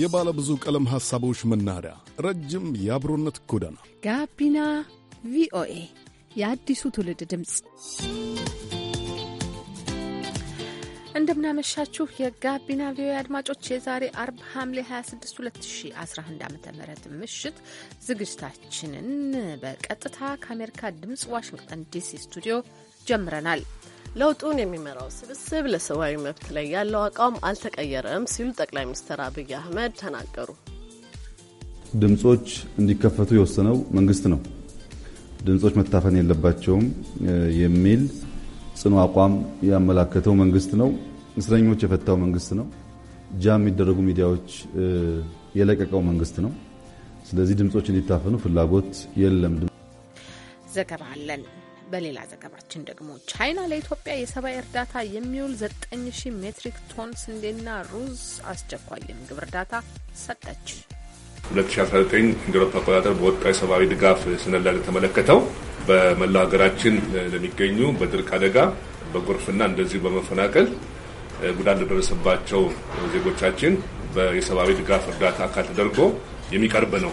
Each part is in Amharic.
የባለ ብዙ ቀለም ሐሳቦች መናኸሪያ፣ ረጅም የአብሮነት ጎዳና ጋቢና ቪኦኤ የአዲሱ ትውልድ ድምፅ። እንደምናመሻችሁ የጋቢና ቪኦኤ አድማጮች የዛሬ አርብ ሐምሌ 26 2011 ዓ ም ምሽት ዝግጅታችንን በቀጥታ ከአሜሪካ ድምፅ ዋሽንግተን ዲሲ ስቱዲዮ ጀምረናል። ለውጡን የሚመራው ስብስብ ለሰብአዊ መብት ላይ ያለው አቋም አልተቀየረም ሲሉ ጠቅላይ ሚኒስትር አብይ አህመድ ተናገሩ። ድምጾች እንዲከፈቱ የወሰነው መንግስት ነው። ድምጾች መታፈን የለባቸውም የሚል ጽኑ አቋም ያመላከተው መንግስት ነው። እስረኞች የፈታው መንግስት ነው። ጃም የሚደረጉ ሚዲያዎች የለቀቀው መንግስት ነው። ስለዚህ ድምጾች እንዲታፈኑ ፍላጎት የለም። ዘገባ አለን። በሌላ ዘገባችን ደግሞ ቻይና ለኢትዮጵያ የሰብአዊ እርዳታ የሚውል 9000 ሜትሪክ ቶን ስንዴና ሩዝ አስቸኳይ የምግብ እርዳታ ሰጠች። 2019 እንደ አውሮፓ አቆጣጠር በወጣ የሰብአዊ ድጋፍ ሰነድ ላይ በመላው ሀገራችን ለሚገኙ በድርቅ አደጋ በጎርፍና እንደዚሁ በመፈናቀል ጉዳት ለደረሰባቸው ዜጎቻችን የሰብአዊ ድጋፍ እርዳታ አካል ተደርጎ የሚቀርብ ነው።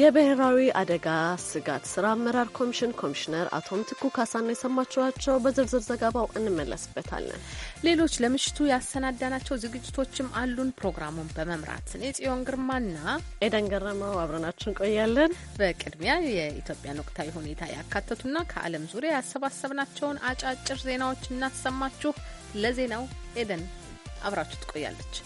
የብሔራዊ አደጋ ስጋት ስራ አመራር ኮሚሽን ኮሚሽነር አቶ ምትኩ ካሳና የሰማችኋቸው። በዝርዝር ዘገባው እንመለስበታለን። ሌሎች ለምሽቱ ያሰናዳናቸው ዝግጅቶችም አሉን። ፕሮግራሙን በመምራት እኔ ጽዮን ግርማና ኤደን ገረመው አብረናችን እንቆያለን። በቅድሚያ የኢትዮጵያን ወቅታዊ ሁኔታ ያካተቱና ከዓለም ዙሪያ ያሰባሰብናቸውን አጫጭር ዜናዎች እናሰማችሁ። ለዜናው ኤደን አብራችሁ ትቆያለች።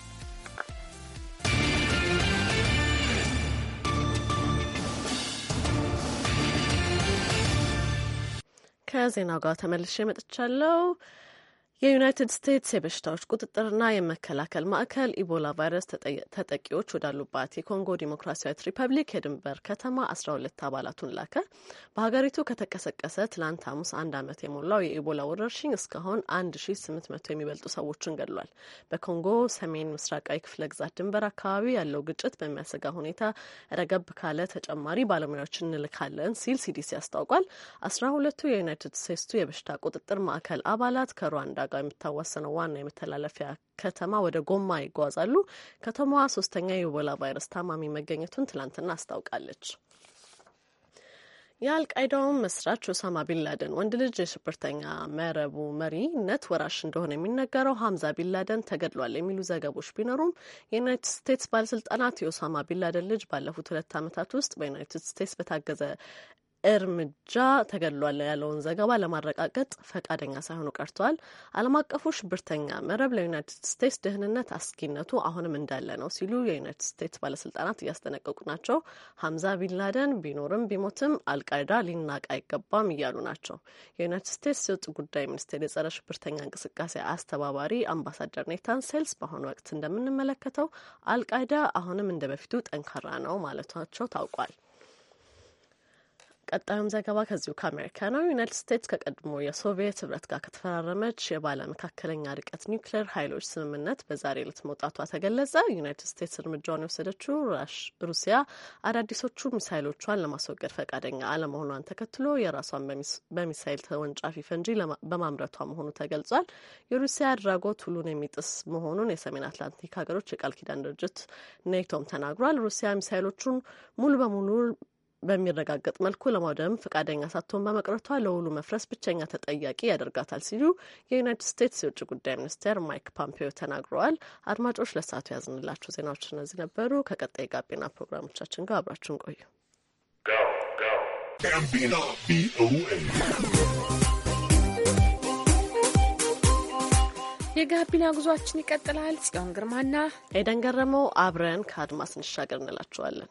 ከዜናው ጋር ተመልሼ መጥቻለሁ። የዩናይትድ ስቴትስ የበሽታዎች ቁጥጥርና የመከላከል ማዕከል ኢቦላ ቫይረስ ተጠቂዎች ወዳሉባት የኮንጎ ዲሞክራሲያዊት ሪፐብሊክ የድንበር ከተማ አስራ ሁለት አባላቱን ላከ። በሀገሪቱ ከተቀሰቀሰ ትላንት ሐሙስ አንድ ዓመት የሞላው የኢቦላ ወረርሽኝ እስካሁን አንድ ሺ ስምንት መቶ የሚበልጡ ሰዎችን ገድሏል። በኮንጎ ሰሜን ምስራቃዊ ክፍለ ግዛት ድንበር አካባቢ ያለው ግጭት በሚያሰጋ ሁኔታ ረገብ ካለ ተጨማሪ ባለሙያዎች እንልካለን ሲል ሲዲሲ አስታውቋል። አስራ ሁለቱ የዩናይትድ ስቴትሱ የበሽታ ቁጥጥር ማዕከል አባላት ከሩዋንዳ ከወለጋ የምታዋሰነው ዋና የመተላለፊያ ከተማ ወደ ጎማ ይጓዛሉ። ከተማዋ ሶስተኛ የኢቦላ ቫይረስ ታማሚ መገኘቱን ትላንትና አስታውቃለች። የአልቃይዳውን መስራች ኦሳማ ቢንላደን ወንድ ልጅ የሽብርተኛ መረቡ መሪነት ወራሽ እንደሆነ የሚነገረው ሀምዛ ቢንላደን ተገድሏል የሚሉ ዘገቦች ቢኖሩም የዩናይትድ ስቴትስ ባለስልጣናት የኦሳማ ቢንላደን ልጅ ባለፉት ሁለት ዓመታት ውስጥ በዩናይትድ ስቴትስ በታገዘ እርምጃ ተገድሏል ያለውን ዘገባ ለማረጋገጥ ፈቃደኛ ሳይሆኑ ቀርተዋል። ዓለም አቀፉ ሽብርተኛ መረብ ለዩናይትድ ስቴትስ ደህንነት አስጊነቱ አሁንም እንዳለ ነው ሲሉ የዩናይትድ ስቴትስ ባለስልጣናት እያስጠነቀቁ ናቸው። ሀምዛ ቢንላደን ቢኖርም ቢሞትም አልቃይዳ ሊናቅ አይገባም እያሉ ናቸው። የዩናይትድ ስቴትስ የውጭ ጉዳይ ሚኒስቴር የጸረ ሽብርተኛ እንቅስቃሴ አስተባባሪ አምባሳደር ኔታን ሴልስ በአሁኑ ወቅት እንደምንመለከተው አልቃይዳ አሁንም እንደ በፊቱ ጠንካራ ነው ማለታቸው ታውቋል። ቀጣዩም ዘገባ ከዚሁ ከአሜሪካ ነው። ዩናይትድ ስቴትስ ከቀድሞ የሶቪየት ህብረት ጋር ከተፈራረመች የባለ መካከለኛ ርቀት ኒውክሌር ኃይሎች ስምምነት በዛሬ ዕለት መውጣቷ ተገለጸ። ዩናይትድ ስቴትስ እርምጃውን የወሰደችው ሩሲያ አዳዲሶቹ ሚሳይሎቿን ለማስወገድ ፈቃደኛ አለመሆኗን ተከትሎ የራሷን በሚሳይል ተወንጫፊ ፈንጂ በማምረቷ መሆኑ ተገልጿል። የሩሲያ አድራጎት ሁሉን የሚጥስ መሆኑን የሰሜን አትላንቲክ ሀገሮች የቃል ኪዳን ድርጅት ኔቶም ተናግሯል። ሩሲያ ሚሳይሎቹን ሙሉ በሙሉ በሚረጋገጥ መልኩ ለማውደም ፈቃደኛ ሳትሆን በመቅረቷ ለውሉ መፍረስ ብቸኛ ተጠያቂ ያደርጋታል ሲሉ የዩናይትድ ስቴትስ የውጭ ጉዳይ ሚኒስቴር ማይክ ፖምፔዮ ተናግረዋል። አድማጮች ለሰዓቱ ያዝንላቸው ዜናዎች እነዚህ ነበሩ። ከቀጣይ ጋቢና ፕሮግራሞቻችን ጋር አብራችሁን ቆዩ። የጋቢና ጉዟችን ይቀጥላል። ጽዮን ግርማና ኤደን ገረመው አብረን ከአድማስ እንሻገር እንላችኋለን።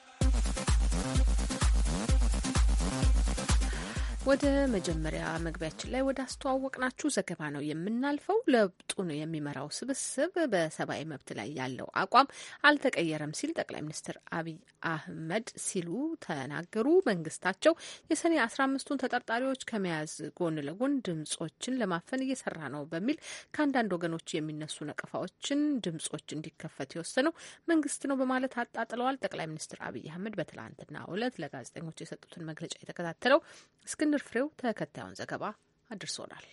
ወደ መጀመሪያ መግቢያችን ላይ ወደ አስተዋወቅናችሁ ዘገባ ነው የምናልፈው። ለውጡን የሚመራው ስብስብ በሰብአዊ መብት ላይ ያለው አቋም አልተቀየረም ሲል ጠቅላይ ሚኒስትር አብይ አህመድ ሲሉ ተናገሩ። መንግስታቸው የሰኔ አስራ አምስቱን ተጠርጣሪዎች ከመያዝ ጎን ለጎን ድምጾችን ለማፈን እየሰራ ነው በሚል ከአንዳንድ ወገኖች የሚነሱ ነቀፋዎችን ድምጾች እንዲከፈት የወሰነው መንግስት ነው በማለት አጣጥለዋል። ጠቅላይ ሚኒስትር አብይ አህመድ በትላንትና ዕለት ለጋዜጠኞች የሰጡትን መግለጫ የተከታተለው እስክንድር ፍሬው ተከታዩን ዘገባ አድርሶናል።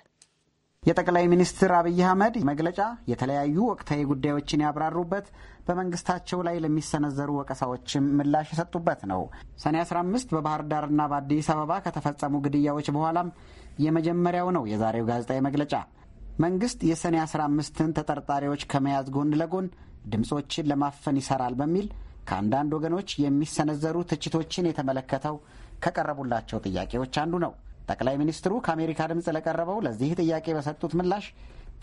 የጠቅላይ ሚኒስትር አብይ አህመድ መግለጫ የተለያዩ ወቅታዊ ጉዳዮችን ያብራሩበት በመንግስታቸው ላይ ለሚሰነዘሩ ወቀሳዎችም ምላሽ የሰጡበት ነው። ሰኔ 15 በባህር ዳርና በአዲስ አበባ ከተፈጸሙ ግድያዎች በኋላም የመጀመሪያው ነው የዛሬው ጋዜጣዊ መግለጫ። መንግስት የሰኔ 15ን ተጠርጣሪዎች ከመያዝ ጎን ለጎን ድምፆችን ለማፈን ይሰራል በሚል ከአንዳንድ ወገኖች የሚሰነዘሩ ትችቶችን የተመለከተው ከቀረቡላቸው ጥያቄዎች አንዱ ነው። ጠቅላይ ሚኒስትሩ ከአሜሪካ ድምፅ ለቀረበው ለዚህ ጥያቄ በሰጡት ምላሽ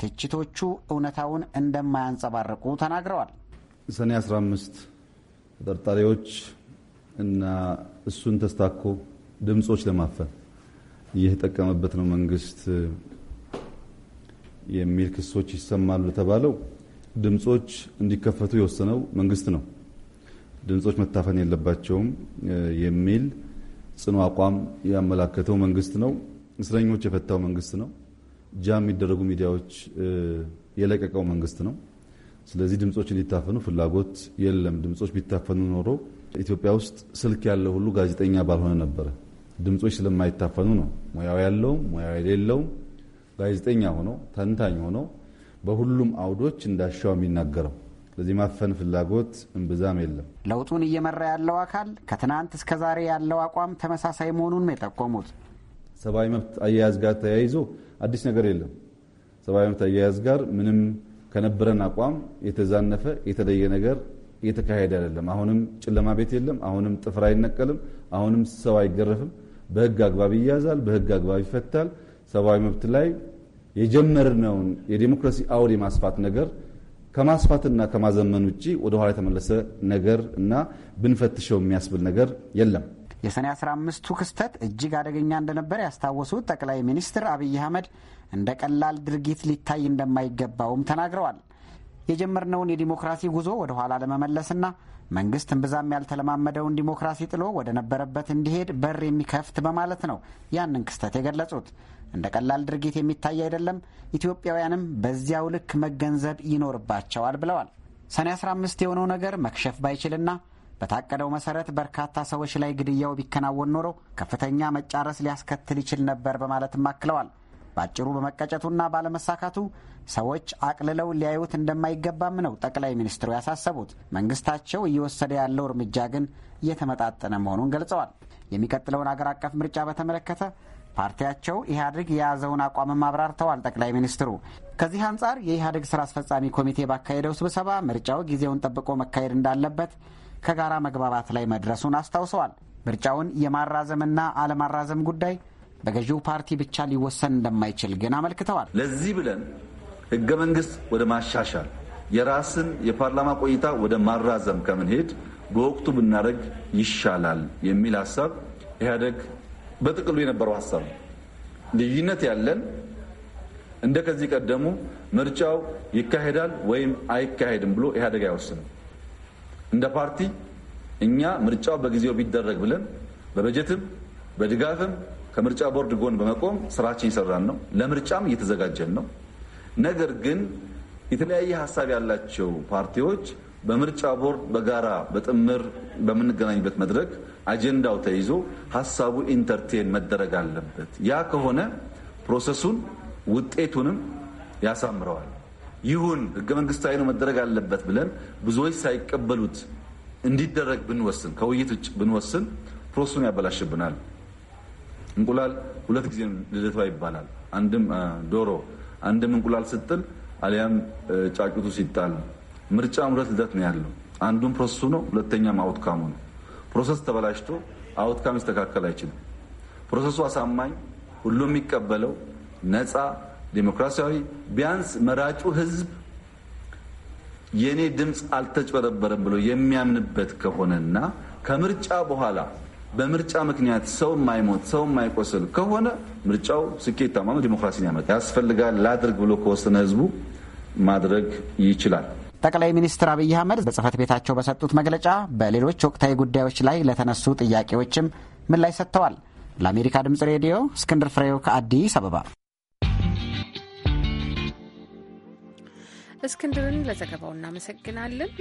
ትችቶቹ እውነታውን እንደማያንጸባርቁ ተናግረዋል። ሰኔ 15 ተጠርጣሪዎች እና እሱን ተስታኮ ድምፆች ለማፈን እየተጠቀመበት ነው መንግስት የሚል ክሶች ይሰማሉ ለተባለው ድምፆች እንዲከፈቱ የወሰነው መንግስት ነው። ድምፆች መታፈን የለባቸውም የሚል ጽኑ አቋም ያመላከተው መንግስት ነው። እስረኞች የፈታው መንግስት ነው። ጃ የሚደረጉ ሚዲያዎች የለቀቀው መንግስት ነው። ስለዚህ ድምጾች እንዲታፈኑ ፍላጎት የለም። ድምጾች ቢታፈኑ ኖሮ ኢትዮጵያ ውስጥ ስልክ ያለ ሁሉ ጋዜጠኛ ባልሆነ ነበረ። ድምጾች ስለማይታፈኑ ነው ሙያው ያለውም ሙያው የሌለውም ጋዜጠኛ ሆኖ ተንታኝ ሆኖ በሁሉም አውዶች እንዳሻው የሚናገረው። ለዚህ ማፈን ፍላጎት እምብዛም የለም። ለውጡን እየመራ ያለው አካል ከትናንት እስከ ዛሬ ያለው አቋም ተመሳሳይ መሆኑን የጠቆሙት ሰብአዊ መብት አያያዝ ጋር ተያይዞ አዲስ ነገር የለም። ሰብአዊ መብት አያያዝ ጋር ምንም ከነበረን አቋም የተዛነፈ የተለየ ነገር እየተካሄደ አይደለም። አሁንም ጨለማ ቤት የለም። አሁንም ጥፍር አይነቀልም። አሁንም ሰው አይገረፍም። በህግ አግባብ ይያዛል፣ በህግ አግባብ ይፈታል። ሰብአዊ መብት ላይ የጀመርነውን የዴሞክራሲ አውድ የማስፋት ነገር ከማስፋትና ከማዘመን ውጭ ወደኋላ የተመለሰ ነገር እና ብንፈትሸው የሚያስብል ነገር የለም። የሰኔ 15ቱ ክስተት እጅግ አደገኛ እንደነበር ያስታወሱት ጠቅላይ ሚኒስትር አብይ አህመድ እንደ ቀላል ድርጊት ሊታይ እንደማይገባውም ተናግረዋል። የጀመርነውን የዲሞክራሲ ጉዞ ወደ ኋላ ለመመለስና መንግስት እምብዛም ያልተለማመደውን ዲሞክራሲ ጥሎ ወደ ነበረበት እንዲሄድ በር የሚከፍት በማለት ነው ያንን ክስተት የገለጹት። እንደ ቀላል ድርጊት የሚታይ አይደለም፣ ኢትዮጵያውያንም በዚያው ልክ መገንዘብ ይኖርባቸዋል ብለዋል። ሰኔ 15 የሆነው ነገር መክሸፍ ባይችልና በታቀደው መሰረት በርካታ ሰዎች ላይ ግድያው ቢከናወን ኖሮ ከፍተኛ መጫረስ ሊያስከትል ይችል ነበር በማለትም አክለዋል። በአጭሩ በመቀጨቱና ባለመሳካቱ ሰዎች አቅልለው ሊያዩት እንደማይገባም ነው ጠቅላይ ሚኒስትሩ ያሳሰቡት። መንግስታቸው እየወሰደ ያለው እርምጃ ግን እየተመጣጠነ መሆኑን ገልጸዋል። የሚቀጥለውን አገር አቀፍ ምርጫ በተመለከተ ፓርቲያቸው ኢህአዴግ የያዘውን አቋምም አብራርተዋል። ጠቅላይ ሚኒስትሩ ከዚህ አንጻር የኢህአዴግ ስራ አስፈጻሚ ኮሚቴ ባካሄደው ስብሰባ ምርጫው ጊዜውን ጠብቆ መካሄድ እንዳለበት ከጋራ መግባባት ላይ መድረሱን አስታውሰዋል። ምርጫውን የማራዘምና አለማራዘም ጉዳይ በገዢው ፓርቲ ብቻ ሊወሰን እንደማይችል ግን አመልክተዋል። ለዚህ ብለን ህገ መንግስት ወደ ማሻሻል የራስን የፓርላማ ቆይታ ወደ ማራዘም ከምንሄድ በወቅቱ ብናደረግ ይሻላል የሚል ሀሳብ ኢህአደግ በጥቅሉ የነበረው ሀሳብ ነው። ልዩነት ያለን እንደ ከዚህ ቀደሙ ምርጫው ይካሄዳል ወይም አይካሄድም ብሎ ኢህአደግ አይወስንም። እንደ ፓርቲ እኛ ምርጫው በጊዜው ቢደረግ ብለን በበጀትም በድጋፍም ከምርጫ ቦርድ ጎን በመቆም ስራችን የሰራን ነው። ለምርጫም እየተዘጋጀን ነው። ነገር ግን የተለያየ ሀሳብ ያላቸው ፓርቲዎች በምርጫ ቦርድ በጋራ በጥምር በምንገናኝበት መድረክ አጀንዳው ተይዞ ሀሳቡ ኢንተርቴን መደረግ አለበት። ያ ከሆነ ፕሮሰሱን ውጤቱንም ያሳምረዋል። ይሁን ህገ መንግስታዊ ነው መደረግ አለበት ብለን ብዙዎች ሳይቀበሉት እንዲደረግ ብንወስን ከውይይት ውጭ ብንወስን ፕሮሰሱን ያበላሽብናል። እንቁላል ሁለት ጊዜ ልደቷ ይባላል። አንድም ዶሮ፣ አንድም እንቁላል ስጥል አሊያም ጫጩቱ ሲጣል። ምርጫ ሁለት ልደት ነው ያለው። አንዱም ፕሮሰሱ ነው፣ ሁለተኛም አውትካሙ ነው። ፕሮሰስ ተበላሽቶ አውትካም ይስተካከል አይችልም። ፕሮሰሱ አሳማኝ፣ ሁሉም የሚቀበለው ነፃ፣ ዴሞክራሲያዊ ቢያንስ መራጩ ህዝብ የእኔ ድምፅ አልተጭበረበረም ብሎ የሚያምንበት ከሆነና ከምርጫ በኋላ በምርጫ ምክንያት ሰው የማይሞት ሰው የማይቆስል ከሆነ ምርጫው ስኬታማ ነው፣ ዲሞክራሲን ያመጣ ያስፈልጋል ላድርግ ብሎ ከወሰነ ህዝቡ ማድረግ ይችላል። ጠቅላይ ሚኒስትር አብይ አህመድ በጽህፈት ቤታቸው በሰጡት መግለጫ በሌሎች ወቅታዊ ጉዳዮች ላይ ለተነሱ ጥያቄዎችም ምላሽ ሰጥተዋል። ለአሜሪካ ድምጽ ሬዲዮ እስክንድር ፍሬው ከአዲስ አበባ እስክንድርን ለዘገባው እናመሰግናለን።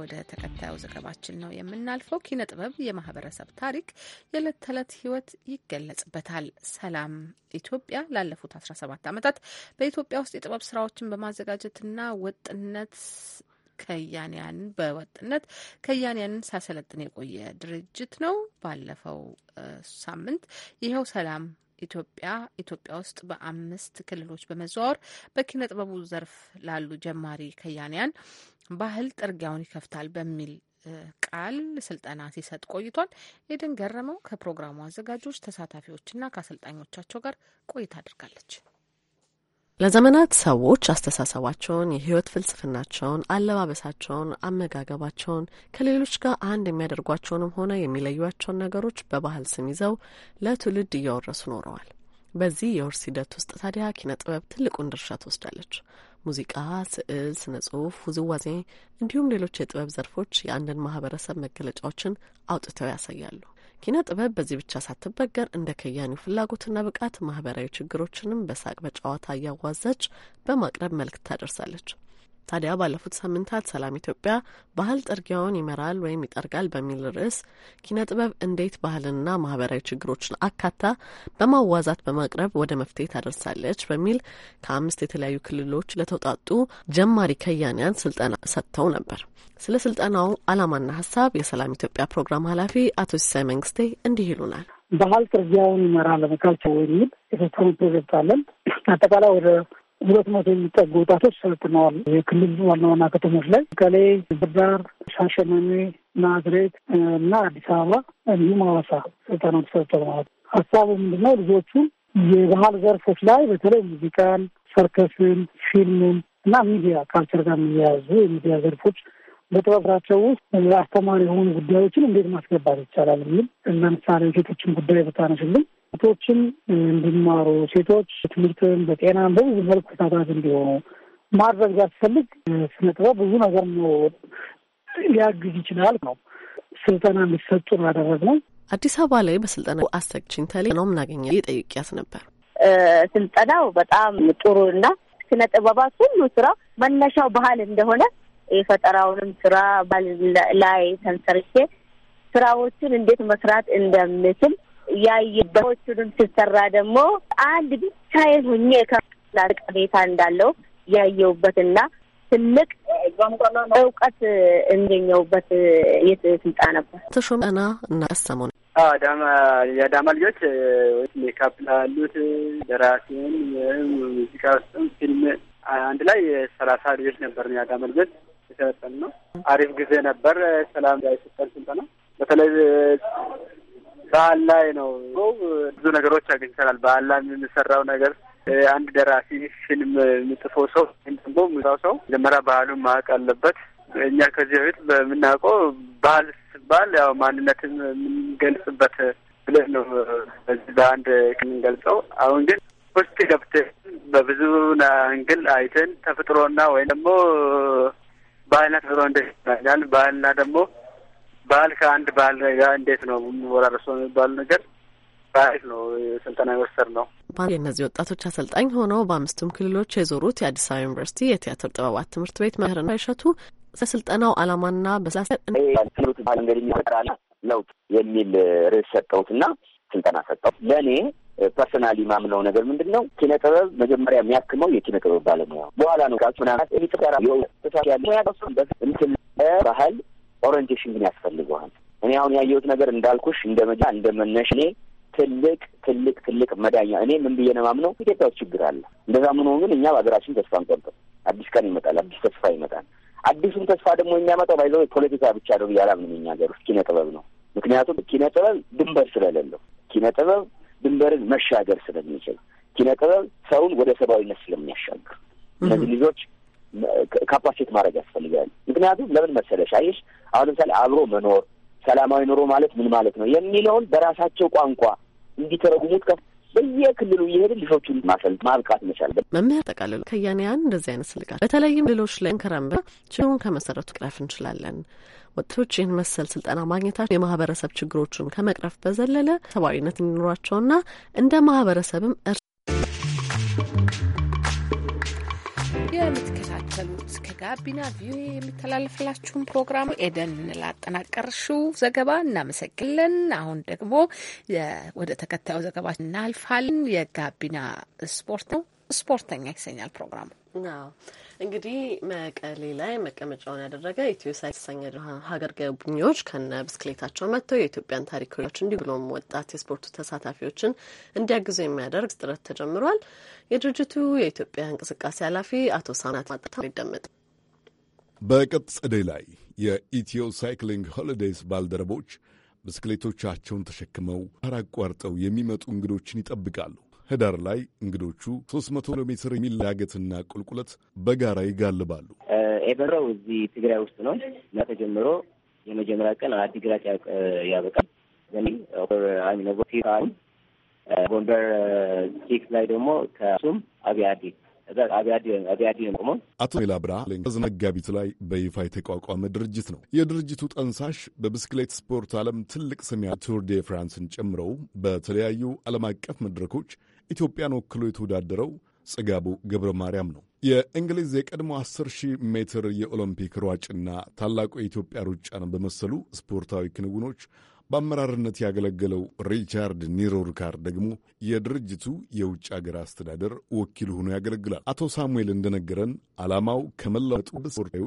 ወደ ተከታዩ ዘገባችን ነው የምናልፈው። ኪነ ጥበብ የማህበረሰብ ታሪክ፣ የዕለት ተዕለት ህይወት ይገለጽበታል። ሰላም ኢትዮጵያ ላለፉት 17 ዓመታት በኢትዮጵያ ውስጥ የጥበብ ስራዎችን በማዘጋጀትና ወጥነት ከያንያን በወጥነት ከያንያንን ሳሰለጥን የቆየ ድርጅት ነው። ባለፈው ሳምንት ይኸው ሰላም ኢትዮጵያ ኢትዮጵያ ውስጥ በአምስት ክልሎች በመዘዋወር በኪነ ጥበቡ ዘርፍ ላሉ ጀማሪ ከያንያን ባህል ጥርጊያውን ይከፍታል በሚል ቃል ስልጠና ሲሰጥ ቆይቷል። ኤደን ገረመው ከፕሮግራሙ አዘጋጆች ተሳታፊዎችና ከአሰልጣኞቻቸው ጋር ቆይታ አድርጋለች። ለዘመናት ሰዎች አስተሳሰባቸውን፣ የህይወት ፍልስፍናቸውን፣ አለባበሳቸውን፣ አመጋገባቸውን ከሌሎች ጋር አንድ የሚያደርጓቸውንም ሆነ የሚለዩቸውን ነገሮች በባህል ስም ይዘው ለትውልድ እያወረሱ ኖረዋል። በዚህ የውርስ ሂደት ውስጥ ታዲያ ኪነ ጥበብ ትልቁን ድርሻ ትወስዳለች። ሙዚቃ፣ ስዕል፣ ስነ ጽሁፍ፣ ውዝዋዜ እንዲሁም ሌሎች የጥበብ ዘርፎች የአንድን ማህበረሰብ መገለጫዎችን አውጥተው ያሳያሉ። ኪነ ጥበብ በዚህ ብቻ ሳትበገር እንደ ከያኒው ፍላጎትና ብቃት ማህበራዊ ችግሮችንም በሳቅ በጨዋታ እያዋዘች በማቅረብ መልእክት ታደርሳለች። ታዲያ ባለፉት ሳምንታት ሰላም ኢትዮጵያ ባህል ጥርጊያውን ይመራል ወይም ይጠርጋል በሚል ርዕስ ኪነ ጥበብ እንዴት ባህልንና ማህበራዊ ችግሮችን አካታ በማዋዛት በማቅረብ ወደ መፍትሄ ታደርሳለች በሚል ከአምስት የተለያዩ ክልሎች ለተውጣጡ ጀማሪ ከያንያን ስልጠና ሰጥተው ነበር። ስለ ስልጠናው ዓላማና ሀሳብ የሰላም ኢትዮጵያ ፕሮግራም ኃላፊ አቶ ሲሳይ መንግስቴ እንዲህ ይሉናል። ባህል ጥርጊያውን ይመራል በካልቸር የሚል የተወሰኑ ፕሮጀክት አለን። አጠቃላይ ወደ ሁለት መቶ የሚጠጉ ወጣቶች ሰልጥነዋል። የክልል ዋና ዋና ከተሞች ላይ መቀሌ፣ ባህርዳር፣ ሻሸመኔ፣ ናዝሬት እና አዲስ አበባ እንዲሁም ሐዋሳ ስልጠና ተሰጥቷል ማለት ነው። ሀሳቡ ምንድነው? ልጆቹ የባህል ዘርፎች ላይ በተለይ ሙዚቃን፣ ሰርከስን፣ ፊልምን እና ሚዲያ ካልቸር ጋር የሚያያዙ የሚዲያ ዘርፎች በጥበብራቸው ውስጥ አስተማሪ የሆኑ ጉዳዮችን እንዴት ማስገባት ይቻላል የሚል ለምሳሌ ሴቶችን ጉዳይ ብታነሽልኝ ሴቶችም እንዲማሩ ሴቶች ትምህርትን በጤና በብዙ መልኩ ተሳታፊ እንዲሆኑ ማድረግ ያስፈልግ። ስነ ጥበብ ብዙ ነገር ነው ሊያግዝ ይችላል ነው ስልጠና እንዲሰጡ ነው ያደረግነው። አዲስ አበባ ላይ በስልጠና አሰግችን ተሌ ነው ምናገኘ የጠይቅያት ነበር። ስልጠናው በጣም ጥሩ እና ስነ ጥበባት ሁሉ ስራ መነሻው ባህል እንደሆነ የፈጠራውንም ስራ ላይ ተንሰርቼ ስራዎችን እንዴት መስራት እንደምችል ያየዎቹንም ስሰራ ደግሞ አንድ ብቻዬን ሆኜ የከፍላ ጠቀሜታ እንዳለው ያየውበትና ትልቅ እውቀት እንገኘውበት የስልጣ ነበር ተሾመና እና ቀሰሙ የአዳማ ልጆች ሜካፕ ላሉት ደራሲም ሙዚቃ ውስጥም ፊልም አንድ ላይ ሰላሳ ልጆች ነበር የአዳማ ልጆች የሰለጠን ነው። አሪፍ ጊዜ ነበር። ሰላም ላይ ስልጠን ስልጠና በተለይ ባህል ላይ ነው። ብዙ ነገሮች አግኝተናል። ባህል ላይ የምንሰራው ነገር አንድ ደራሲ ፊልም የሚጽፈው ሰው ወይም ደግሞ የሚሰራው ሰው መጀመሪያ ባህሉን ማወቅ አለበት። እኛ ከዚህ በፊት በምናውቀው ባህል ሲባል ያው ማንነትን የምንገልጽበት ብለን ነው በዚህ በአንድ የምንገልጸው። አሁን ግን ውስጥ ገብተን በብዙ አንግል አይተን ተፈጥሮና ወይም ደግሞ ባህልና ተፈጥሮ እንደ ይላል ባህልና ደግሞ ባህል ከአንድ ባህል ጋር እንዴት ነው የሚወራረሱ የሚባሉ ነገር ባህል ነው ስልጠና ይወሰድ ነው። የእነዚህ ወጣቶች አሰልጣኝ ሆነው በአምስቱም ክልሎች የዞሩት የአዲስ አበባ ዩኒቨርሲቲ የቲያትር ጥበባት ትምህርት ቤት መምህርና ይሸቱ ስለስልጠናው አላማና በስላትምህርቱ ባህል እንግዲህ የሚፈጥራል ለውጥ የሚል ርዕስ ሰጠሁትና ስልጠና ሰጠው። ለእኔ ፐርሰናሊ ማምለው ነገር ምንድን ነው? ኪነ ጥበብ መጀመሪያ የሚያክመው የኪነ ጥበብ ባለሙያ በኋላ ነው ቃል ምናምን ባህል ኦሪንቴሽን ግን ያስፈልገዋል። እኔ አሁን ያየሁት ነገር እንዳልኩሽ እንደ መጃ እንደ መነሽ እኔ ትልቅ ትልቅ ትልቅ መዳኛ እኔ ምን ብዬ ነው የማምነው ኢትዮጵያ ውስጥ ችግር አለ። እንደዛ ምን ሆኖ ግን እኛ በሀገራችን ተስፋ እንቆርጥም። አዲስ ቀን ይመጣል፣ አዲስ ተስፋ ይመጣል። አዲሱን ተስፋ ደግሞ የሚያመጣው ባይዘ ፖለቲካ ብቻ ደ ብዬ አላምንም። እኛ ሀገር ኪነ ጥበብ ነው። ምክንያቱም ኪነ ጥበብ ድንበር ስለሌለው፣ ኪነ ጥበብ ድንበርን መሻገር ስለሚችል፣ ኪነ ጥበብ ሰውን ወደ ሰብአዊነት ስለሚያሻግር እነዚህ ልጆች ካፓሲት ማድረግ ያስፈልጋል። ምክንያቱም ለምን መሰለሽ አየሽ፣ አሁን ለምሳሌ አብሮ መኖር ሰላማዊ ኑሮ ማለት ምን ማለት ነው የሚለውን በራሳቸው ቋንቋ እንዲተረጉሙት ከፍ በየክልሉ እየሄድን ልጆቹን ማሰል ማብቃት መቻል። መምህር ጠቃልሉ ከያንያን እንደዚህ አይነት ስልጋል በተለይም ሌሎች ላይ ከረምበ ችግሩን ከመሰረቱ ቅረፍ እንችላለን። ወጣቶች ይህን መሰል ስልጠና ማግኘታቸው የማህበረሰብ ችግሮቹን ከመቅረፍ በዘለለ ሰብአዊነት እንዲኖራቸውና እንደ ማህበረሰብም እርስ የምትከታተሉት ከጋቢና ቪኦኤ የሚተላለፍላችሁን ፕሮግራም ኤደን ላጠናቀርሽው ዘገባ እናመሰግናለን። አሁን ደግሞ ወደ ተከታዩ ዘገባ እናልፋለን። የጋቢና ስፖርት ነው። ስፖርተኛ ይሰኛል ፕሮግራሙ። እንግዲህ መቀሌ ላይ መቀመጫውን ያደረገ ኢትዮ የተሰኘ ሀገር ጎብኚዎች ከነ ብስክሌታቸው መጥተው የኢትዮጵያን ታሪኮች እንዲህ ብሎም ወጣት የስፖርቱ ተሳታፊዎችን እንዲያግዙ የሚያደርግ ጥረት ተጀምሯል። የድርጅቱ የኢትዮጵያ እንቅስቃሴ ኃላፊ አቶ ሳናት ማጣታ ይደመጥ በቅጽዴ ላይ የኢትዮ ሳይክሊንግ ሆሊዴይስ ባልደረቦች ብስክሌቶቻቸውን ተሸክመው አራቋርጠው የሚመጡ እንግዶችን ይጠብቃሉ። ህዳር ላይ እንግዶቹ 300 ኪሎ ሜትር የሚላገትና ቁልቁለት በጋራ ይጋልባሉ። ኤበረው እዚህ ትግራይ ውስጥ ነው እና ተጀምሮ የመጀመሪያ ቀን አዲግራት ያበቃል። ጎንደር ሲክስ ላይ ደግሞ ከሱም አብያዲ አቶ ብራ መጋቢት ላይ በይፋ የተቋቋመ ድርጅት ነው። የድርጅቱ ጠንሳሽ በብስክሌት ስፖርት ዓለም ትልቅ ስም ቱር ዴ ፍራንስን ጨምረው በተለያዩ ዓለም አቀፍ መድረኮች ኢትዮጵያን ወክሎ የተወዳደረው ጽጋቡ ገብረ ማርያም ነው። የእንግሊዝ የቀድሞ 10 ሺህ ሜትር የኦሎምፒክ ሯጭና ታላቁ የኢትዮጵያ ሩጫን በመሰሉ ስፖርታዊ ክንውኖች በአመራርነት ያገለገለው ሪቻርድ ኒሮርካር ደግሞ የድርጅቱ የውጭ አገር አስተዳደር ወኪል ሆኖ ያገለግላል። አቶ ሳሙኤል እንደነገረን ዓላማው ከመላጡ ስፖርታዊ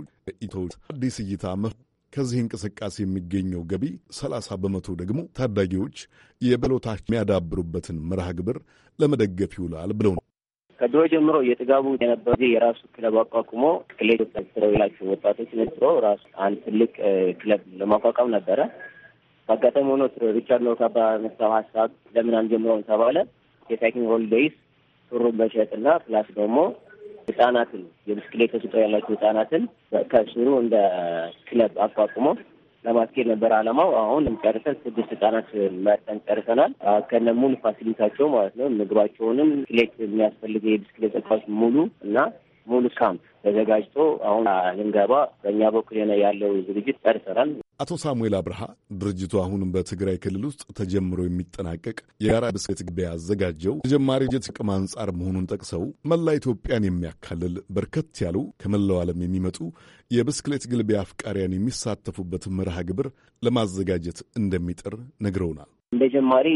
አዲስ እይታ መፍ ከዚህ እንቅስቃሴ የሚገኘው ገቢ 30 በመቶ ደግሞ ታዳጊዎች የበሎታ የሚያዳብሩበትን መርሃ ግብር ለመደገፍ ይውላል ብለው ነው። ከድሮ ጀምሮ የጥጋቡ የነበረ የራሱ ክለብ አቋቁሞ ክሌ ስረው የላቸው ወጣቶች ነጥሮ ራሱ አንድ ትልቅ ክለብ ለማቋቋም ነበረ። በአጋጣሚ ሆኖ ሪቻርድ ኖርካ ባነሳው ሀሳብ ለምን አንጀምረውም ተባለ። የሳይክሊንግ ሆሊዴይስ ሱሩን መሸጥና ፕላስ ደግሞ ህጻናትን የብስክሌት ተሰጥኦ ያላቸው ህጻናትን ከስሩ እንደ ክለብ አቋቁሞ ለማስኬድ ነበር አላማው። አሁን ጨርሰን ስድስት ህጻናት መርጠን ጨርሰናል። ከነ ሙሉ ፋሲሊታቸው ማለት ነው። ምግባቸውንም ብስክሌት የሚያስፈልገ የብስክሌት እቃዎች ሙሉ እና ሙሉ ካምፕ ተዘጋጅቶ አሁን ልንገባ በእኛ በኩል ያለው ዝግጅት ጠርተናል። አቶ ሳሙኤል አብርሃ ድርጅቱ አሁንም በትግራይ ክልል ውስጥ ተጀምሮ የሚጠናቀቅ የጋራ ብስክሌት ገበያ ያዘጋጀው ተጀማሪ ጀት ቅም አንጻር መሆኑን ጠቅሰው መላ ኢትዮጵያን የሚያካልል በርከት ያሉ ከመላው ዓለም የሚመጡ የብስክሌት ግልቢያ አፍቃሪያን የሚሳተፉበት መርሃ ግብር ለማዘጋጀት እንደሚጥር ነግረውናል። እንደ ጀማሪ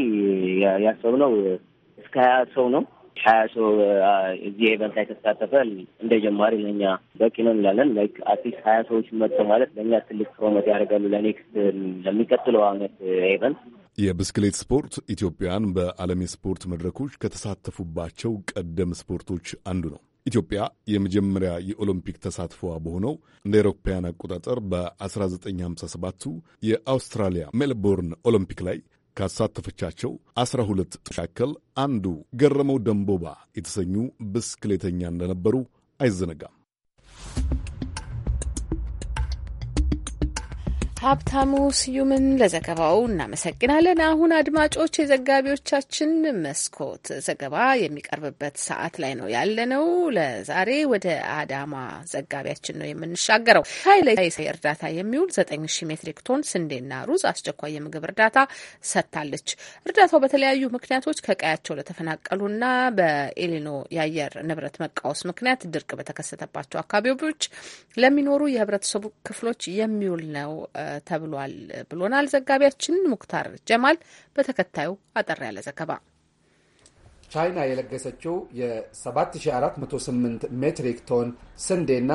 ያሰብነው እስከ ሀያ ሰው ነው ሀያ ሰው uh, እዚህ ኤቨንት ላይ ከተሳተፈ እንደ ጀማሪ ለእኛ በቂ ነው እንላለን። ላይክ አትሊስት ሀያ ሰዎች መጥተው ማለት ለእኛ ትልቅ ፕሮሞት ያደርጋሉ ለኔክስት ለሚቀጥለው አመት ኤቨንት። uh, የብስክሌት ስፖርት ኢትዮጵያን በዓለም የስፖርት መድረኮች ከተሳተፉባቸው ቀደም ስፖርቶች አንዱ ነው። ኢትዮጵያ የመጀመሪያ የኦሎምፒክ ተሳትፏ በሆነው እንደ አውሮፓውያን አቆጣጠር በ1957 የአውስትራሊያ ሜልቦርን ኦሎምፒክ ላይ ካሳተፈቻቸው አስራ ሁለት መካከል አንዱ ገረመው ደንቦባ የተሰኙ ብስክሌተኛ እንደነበሩ አይዘነጋም። ሀብታሙ ስዩምን ለዘገባው እናመሰግናለን። አሁን አድማጮች የዘጋቢዎቻችን መስኮት ዘገባ የሚቀርብበት ሰዓት ላይ ነው ያለነው። ለዛሬ ወደ አዳማ ዘጋቢያችን ነው የምንሻገረው። ኃይለ እርዳታ የሚውል ዘጠኝ ሺ ሜትሪክ ቶን ስንዴና ሩዝ አስቸኳይ የምግብ እርዳታ ሰጥታለች። እርዳታው በተለያዩ ምክንያቶች ከቀያቸው ለተፈናቀሉና በኤሊኖ የአየር ንብረት መቃወስ ምክንያት ድርቅ በተከሰተባቸው አካባቢዎች ለሚኖሩ የህብረተሰቡ ክፍሎች የሚውል ነው ተብሏል ብሎናል ዘጋቢያችን ሙክታር ጀማል በተከታዩ አጠር ያለ ዘገባ። ቻይና የለገሰችው የ7408 ሜትሪክ ቶን ስንዴና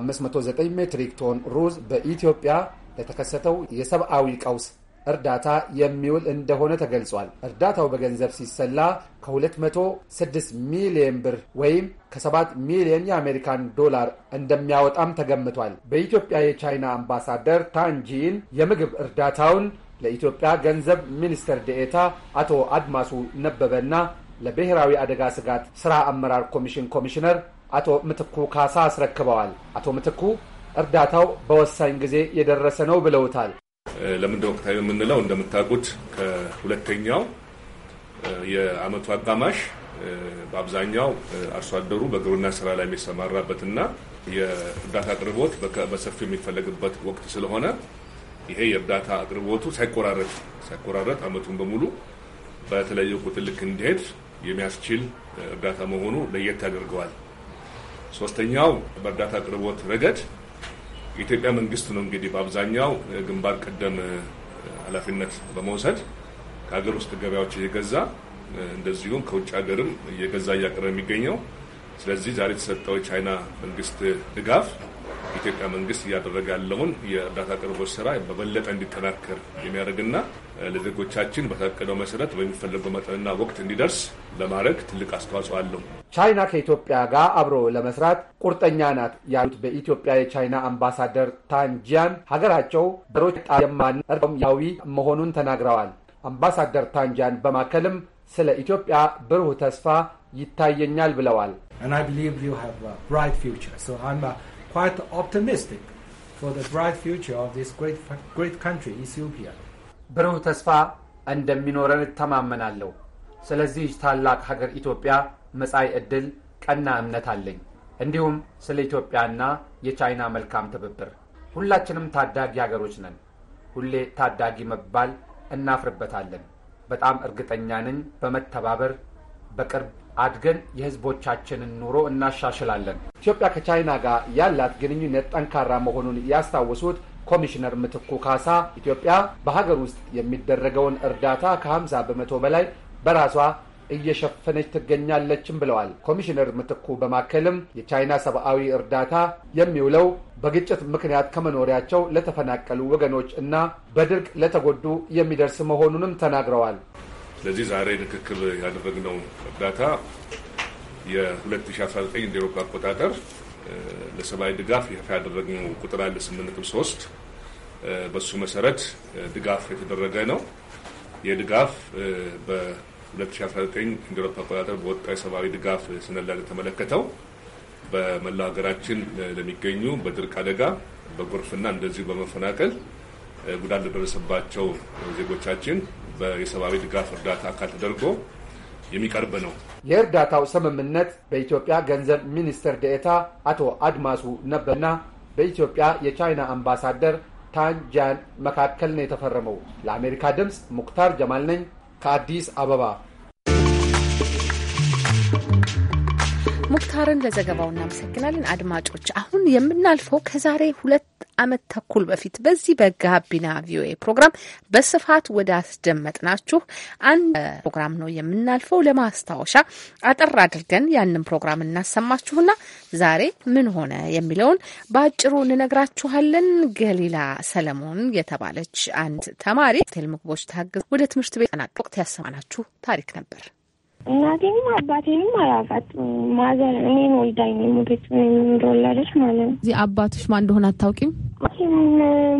509 ሜትሪክ ቶን ሩዝ በኢትዮጵያ ለተከሰተው የሰብአዊ ቀውስ እርዳታ የሚውል እንደሆነ ተገልጿል። እርዳታው በገንዘብ ሲሰላ ከ206 ሚሊዮን ብር ወይም ከ7 ሚሊዮን የአሜሪካን ዶላር እንደሚያወጣም ተገምቷል። በኢትዮጵያ የቻይና አምባሳደር ታንጂን የምግብ እርዳታውን ለኢትዮጵያ ገንዘብ ሚኒስትር ደኤታ፣ አቶ አድማሱ ነበበና ለብሔራዊ አደጋ ስጋት ሥራ አመራር ኮሚሽን ኮሚሽነር አቶ ምትኩ ካሳ አስረክበዋል። አቶ ምትኩ እርዳታው በወሳኝ ጊዜ የደረሰ ነው ብለውታል። ለምንድን ነው ወቅታዊ የምንለው? እንደምታውቁት ከሁለተኛው የአመቱ አጋማሽ በአብዛኛው አርሶ አደሩ በግብርና ስራ ላይ የሚሰማራበትና የእርዳታ አቅርቦት በሰፊው የሚፈለግበት ወቅት ስለሆነ ይሄ የእርዳታ አቅርቦቱ ሳይቆራረጥ ሳይቆራረጥ አመቱን በሙሉ በተለየ ቁጥር ልክ እንዲሄድ የሚያስችል እርዳታ መሆኑ ለየት ያደርገዋል። ሶስተኛው በእርዳታ አቅርቦት ረገድ የኢትዮጵያ መንግስት ነው እንግዲህ በአብዛኛው ግንባር ቀደም ኃላፊነት በመውሰድ ከሀገር ውስጥ ገበያዎች እየገዛ እንደዚሁም ከውጭ ሀገርም እየገዛ እያቀረበ የሚገኘው። ስለዚህ ዛሬ የተሰጠው የቻይና መንግስት ድጋፍ የኢትዮጵያ መንግስት እያደረገ ያለውን የእርዳታ አቅርቦት ስራ በበለጠ እንዲጠናከር የሚያደርግና ለዜጎቻችን በታቀደው መሰረት በሚፈለገው መጠንና ወቅት እንዲደርስ ለማድረግ ትልቅ አስተዋጽኦ አለው። ቻይና ከኢትዮጵያ ጋር አብሮ ለመስራት ቁርጠኛ ናት ያሉት በኢትዮጵያ የቻይና አምባሳደር ታንጂያን ሀገራቸው ሮች የማን ያዊ መሆኑን ተናግረዋል። አምባሳደር ታንጂያን በማከልም ስለ ኢትዮጵያ ብሩህ ተስፋ ይታየኛል ብለዋል። quite optimistic for the bright future of this great, great country, Ethiopia. ብሩህ ተስፋ እንደሚኖረን እተማመናለሁ። ስለዚህ ታላቅ ሀገር ኢትዮጵያ መጻኢ ዕድል ቀና እምነት አለኝ። እንዲሁም ስለ ኢትዮጵያና የቻይና መልካም ትብብር። ሁላችንም ታዳጊ ሀገሮች ነን። ሁሌ ታዳጊ መባል እናፍርበታለን። በጣም እርግጠኛ ነኝ በመተባበር በቅርብ አድገን የህዝቦቻችንን ኑሮ እናሻሽላለን። ኢትዮጵያ ከቻይና ጋር ያላት ግንኙነት ጠንካራ መሆኑን ያስታወሱት ኮሚሽነር ምትኩ ካሳ ኢትዮጵያ በሀገር ውስጥ የሚደረገውን እርዳታ ከ50 በመቶ በላይ በራሷ እየሸፈነች ትገኛለችም ብለዋል። ኮሚሽነር ምትኩ በማከልም የቻይና ሰብአዊ እርዳታ የሚውለው በግጭት ምክንያት ከመኖሪያቸው ለተፈናቀሉ ወገኖች እና በድርቅ ለተጎዱ የሚደርስ መሆኑንም ተናግረዋል። ስለዚህ ዛሬ ንክክል ያደረግነው እርዳታ የ2019 እንደ ኤሮፓ አቆጣጠር ለሰብአዊ ድጋፍ ይፋ ያደረግነው ቁጥር አለ 8.3 በሱ መሰረት ድጋፍ የተደረገ ነው። የድጋፍ በ2019 እንደ ኤሮፓ አቆጣጠር በወጣ የሰብአዊ ድጋፍ ሰነድ ተመለከተው የተመለከተው በመላው ሀገራችን ለሚገኙ በድርቅ አደጋ በጎርፍና እንደዚሁ በመፈናቀል ጉዳት ለደረሰባቸው ዜጎቻችን የሰብአዊ ድጋፍ እርዳታ አካል ተደርጎ የሚቀርብ ነው። የእርዳታው ስምምነት በኢትዮጵያ ገንዘብ ሚኒስትር ደኤታ አቶ አድማሱ ነበና በኢትዮጵያ የቻይና አምባሳደር ታንጃን መካከል ነው የተፈረመው። ለአሜሪካ ድምፅ ሙክታር ጀማል ነኝ ከአዲስ አበባ። ሙክታርን ለዘገባው እናመሰግናለን። አድማጮች አሁን የምናልፈው ከዛሬ ሁለት ከዓመት ተኩል በፊት በዚህ በጋቢና ቪኦኤ ፕሮግራም በስፋት ወደ ናችሁ አንድ ፕሮግራም ነው የምናልፈው። ለማስታወሻ አጠር አድርገን ያንን ፕሮግራም እናሰማችሁና ዛሬ ምን ሆነ የሚለውን በአጭሩ እንነግራችኋለን። ገሊላ ሰለሞን የተባለች አንድ ተማሪ ሆቴል ምግቦች ታግዝ ወደ ትምህርት ቤት ናቀ ወቅት ያሰማናችሁ ታሪክ ነበር። እናቴንም አባቴንም አላውቃትም። ማዘር እኔን ወልዳኝ ሞቶች እንደወለደች ማለት ነው። እዚህ አባትሽ ማን እንደሆነ አታውቂም?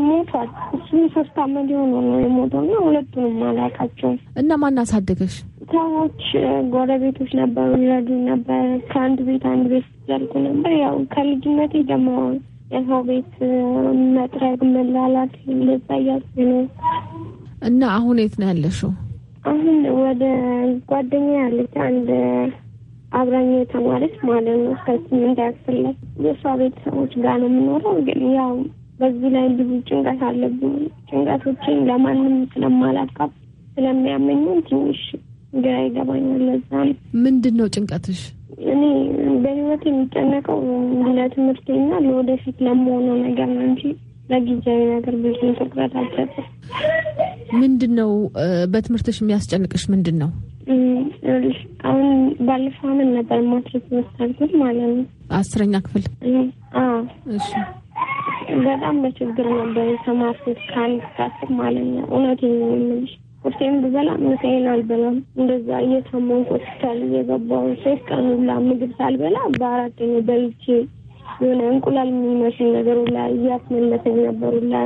ሞቷል። እሱም ሶስት አመት የሆነ ነው የሞተው እና ሁለቱንም አላውቃቸውም። እና ማን አሳደገሽ? ሰዎች ጎረቤቶች ነበሩ፣ ይረዱ ነበር። ከአንድ ቤት አንድ ቤት ስትዘልቁ ነበር። ያው ከልጅነት ጀምሮ የሰው ቤት መጥረግ፣ መላላት ለዛ እያልኩ ነው። እና አሁን የት ነው ያለሽው? አሁን ወደ ጓደኛ ያለች አንድ አብራኝ የተማረች ማለት ነው ከስምንት ያክፍል ላይ የእሷ ቤተሰቦች ጋር ነው የምኖረው። ግን ያው በዚህ ላይ ብዙ ጭንቀት አለብኝ። ጭንቀቶችን ለማንም ስለማላካፍ ስለሚያመኝም ትንሽ ግራ ይገባኛል። ለዛ ነው። ምንድን ነው ጭንቀትሽ? እኔ በህይወት የሚጨነቀው ለትምህርቴና ለወደፊት ለመሆነው ነገር ነው እንጂ ለጊዜያዊ ነገር ብዙ ትኩረት አልሰጠም። ምንድን ነው በትምህርትሽ የሚያስጨንቅሽ ምንድን ነው? አሁን ባለፈው አመት ነበር ማትሪክ ወሰድኩት ማለት ነው። አስረኛ ክፍል በጣም በችግር ነበር የተማርኩት ከአንድ ሳስብ ማለት ነው። እውነት ነው የምልሽ። ቁርሴን ብበላ ምሳዬን አልበላም። እንደዛ እየታመንኩ ሆስፒታል እየገባሁ ሶስት ቀን ሁላ ምግብ ሳልበላ በአራተኛው በልቼ የሆነ እንቁላል የሚመስል ነገር ሁላ እያስመለሰኝ ነበር ሁላ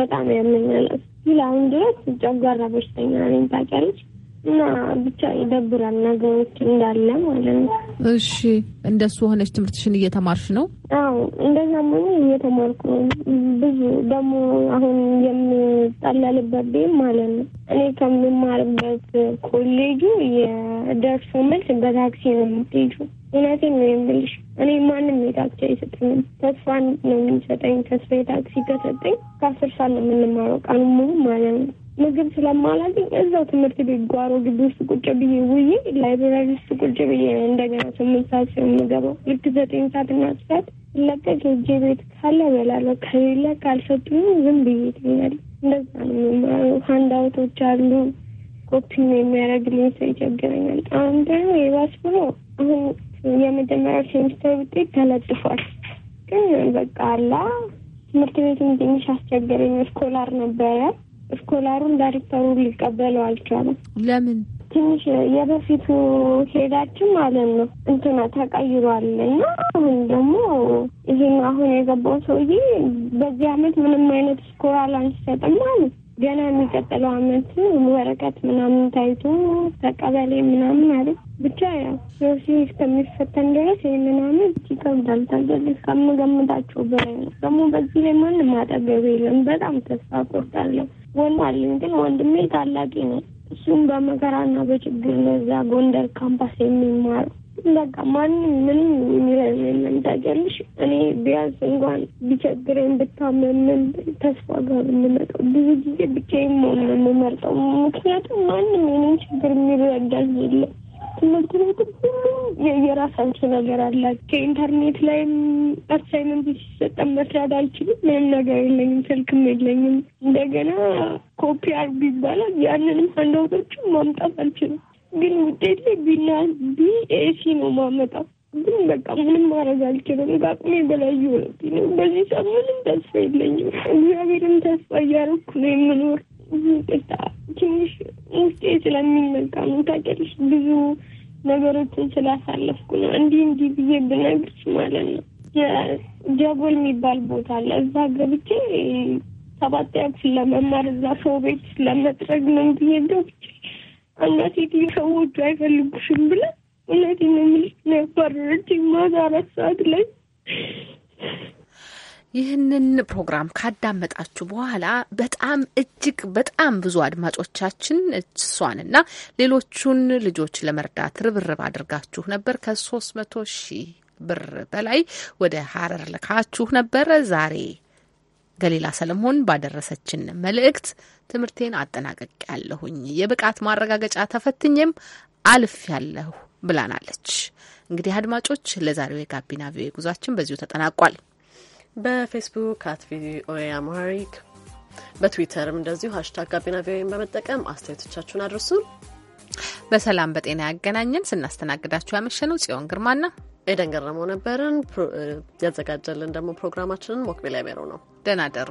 በጣም ያመኛል። ግን አሁን ድረስ ጨጓራ በሽተኛ ነኝ ታውቂያለሽ። እና ብቻ ይደብራል ነገሮች እንዳለ ማለት ነው። እሺ እንደሱ ሆነች ትምህርትሽን እየተማርሽ ነው? አዎ እንደዛም ሆነ እየተማርኩ ነው። ብዙ ደግሞ አሁን የምጠለልበት ቤት ማለት ነው እኔ ከምማርበት ኮሌጁ የደርሶ መልስ በታክሲ ነው የምትሄጂው። እውነቴን ነው የምልሽ። እኔ ማንም የታክሲ አይሰጠኝም። ተስፋ ነው የሚሰጠኝ። ተስፋ የታክሲ ከሰጠኝ ከአስር ሰዓት ነው የምንማረው ቀኑ ሙሉ ማለት ነው ምግብ ስለማላገኝ እዛው ትምህርት ቤት ጓሮ ግቢ ውስጥ ቁጭ ብዬ ውዬ ላይብራሪ ውስጥ ቁጭ ብዬ ነው እንደገና ስምንት ሰዓት ሲሆን የምገባው ልክ ዘጠኝ ሰዓት እና ስዓት ለቀቅ የእጄ ቤት ካለ እበላለሁ፣ ከሌለ ካልሰጡኝ ዝም ብዬ ትኛል እንደዛ ነው የምማረው። ሀንዳውቶች አሉ ኮፒ ነው የሚያደርግልኝ ሰው ይቸግረኛል። አሁን ደግሞ የባስ ብሎ አሁን የመጀመሪያው ሴሚስተር ውጤት ተለጥፏል። ግን በቃ አላ ትምህርት ቤትም ትንሽ አስቸገረኝ። ስኮላር ነበረ ስኮላሩን ዳይሬክተሩ ሊቀበለው አልቻለም። ለምን? ትንሽ የበፊቱ ሄዳችን ማለት ነው እንትና ተቀይሯል እና አሁን ደግሞ ይህን አሁን የገባው ሰውዬ በዚህ አመት ምንም አይነት ስኮላር አንሰጥም ማለት ገና የሚቀጥለው አመት ወረቀት ምናምን ታይቶ ተቀበሌ ምናምን አለ ብቻ ያው የወሲብ እስከሚፈተን ድረስ ይህንን አመት ይከብዳል። ታውቂያለሽ፣ ከምገምታቸው በላይ ነው። ደግሞ በዚህ ላይ ማንም አጠገብ የለም። በጣም ተስፋ ቆርጣለሁ። ወንድ አለኝ፣ ግን ወንድሜ ታላቂ ነው። እሱም በመከራና በችግር ነው እዛ ጎንደር ካምፓስ የሚማረው። በቃ ማንም ምንም የሚለን የለም። ታገልሽ እኔ ቢያንስ እንኳን ቢቸግረኝ ብታመምን ተስፋ ጋር ብንመጣው ብዙ ጊዜ ብቻዬን ነው የምመርጠው። ምክንያቱም ማንም የኔን ችግር የሚረዳኝ የለም ትምህርት ቤትም ሁሉም የራሳቸው ነገር አላቸው። ኢንተርኔት ላይም አሳይመንት ሲሰጠን መስራት አልችልም። ምንም ነገር የለኝም፣ ስልክም የለኝም። እንደገና ኮፒ አርጉ ይባላል። ያንንም ሀንዳውቶቹን ማምጣት አልችልም። ግን ውጤት ላይ ቢና ቢኤሲ ነው ማመጣው። ግን በቃ ምንም ማድረግ አልችልም። ከአቅሜ በላይ የሆነብኝ ነው። በዚህ ሰዓት ምንም ተስፋ የለኝም። እግዚአብሔርም ተስፋ እያደረኩ ነው የምኖር ትንሽ ውስጤ ስለሚነጋ ነው ታውቂያለሽ። ብዙ ነገሮችን ስላሳለፍኩ ነው እንዲህ እንዲህ ብዬ ብነግርሽ ማለት ነው። ጀጎል የሚባል ቦታ አለ። እዛ ገብቼ ሰባት ያክ ስለመማር እዛ ሰው ቤት ስለመጥረግ ነው ብዬ ገብቼ እና ሴትዮ ሰዎቹ አይፈልጉሽም ብለ እውነቴን ነው የምልሽ ነበር። ማታ አራት ሰዓት ላይ ይህንን ፕሮግራም ካዳመጣችሁ በኋላ በጣም እጅግ በጣም ብዙ አድማጮቻችን እሷንና ሌሎቹን ልጆች ለመርዳት ርብርብ አድርጋችሁ ነበር። ከሶስት መቶ ሺህ ብር በላይ ወደ ሀረር ልካችሁ ነበረ። ዛሬ ገሊላ ሰለሞን ባደረሰችን መልእክት ትምህርቴን አጠናቀቅ ያለሁኝ የብቃት ማረጋገጫ ተፈትኜም አልፍ ያለሁ ብላናለች። እንግዲህ አድማጮች ለዛሬው የጋቢና ቪኦኤ ጉዟችን በዚሁ ተጠናቋል። በፌስቡክ አት ቪኦኤ አማሪክ በትዊተርም እንደዚሁ ሀሽታግ ጋቢና ቪኦኤን በመጠቀም አስተያየቶቻችሁን አድርሱን። በሰላም በጤና ያገናኘን። ስናስተናግዳችሁ ያመሸነው ጽዮን ግርማና ኤደን ገረመው ነበርን። ያዘጋጀልን ደግሞ ፕሮግራማችንን ሞክቤል ያሜሮ ነው። ደህና ደሩ።